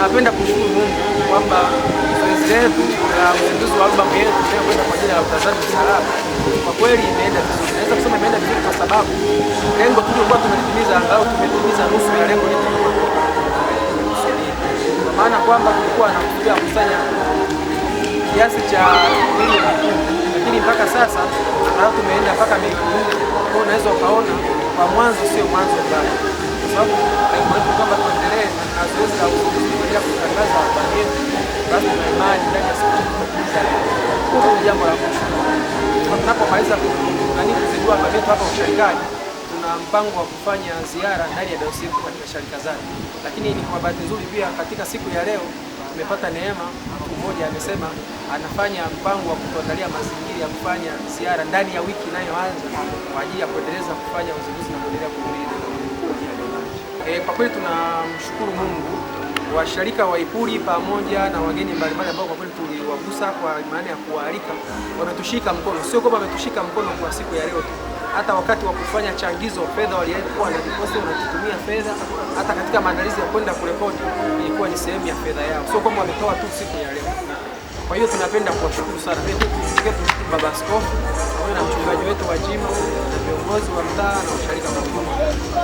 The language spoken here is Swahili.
Tunapenda kushukuru Mungu kwamba zetu na uzinduzi wa albamu yetu inayokwenda kwa jina la Utazame Msalaba kwa kweli imeenda vizuri. Naweza kusema imeenda vizuri kwa sababu lengo tuliokuwa tumelitimiza angalau tumetimiza nusu ya lengo letu, kwa maana kwamba tulikuwa na tunakusudia kusanya kiasi cha milioni lakini mpaka sasa angalau tumeenda mpaka milioni kwa hiyo unaweza ukaona kwa mwanzo sio mwanzo mbaya, kwa sababu lengo letu kwamba amani ndani ya siku huko, jambo la kushukuru. Tunapomaliza kuzindua mabeto hapa usharikani, tuna mpango wa kufanya ziara ndani ya dayosisi yetu katika sharika zake, lakini ni kwa bahati nzuri pia katika siku ya leo tumepata neema. Mtu mmoja amesema anafanya mpango wa kutuandalia mazingira ya kufanya ziara ndani ya wiki inayoanza kwa ajili ya kuendeleza kufanya uzinduzi na kuendelea kuhudhuria. kwa kweli tunamshukuru Mungu washirika wa Ipuli pamoja na wageni mbalimbali ambao kwa kweli tuliwagusa kwa maana ya kuwaalika, wametushika mkono. Sio kwamba wametushika mkono kwa siku ya leo tu, hata wakati wa kufanya changizo fedha walikuwa na deposit wanatumia fedha, hata katika maandalizi ya kwenda kurekodi ilikuwa ni sehemu ya fedha yao, sio kwamba wametoa tu siku ya leo. Kwa hiyo tunapenda kuwashukuru sana Baba Askofu pamoja na mchungaji wetu wa jimbo na viongozi wa mtaa na washirika wa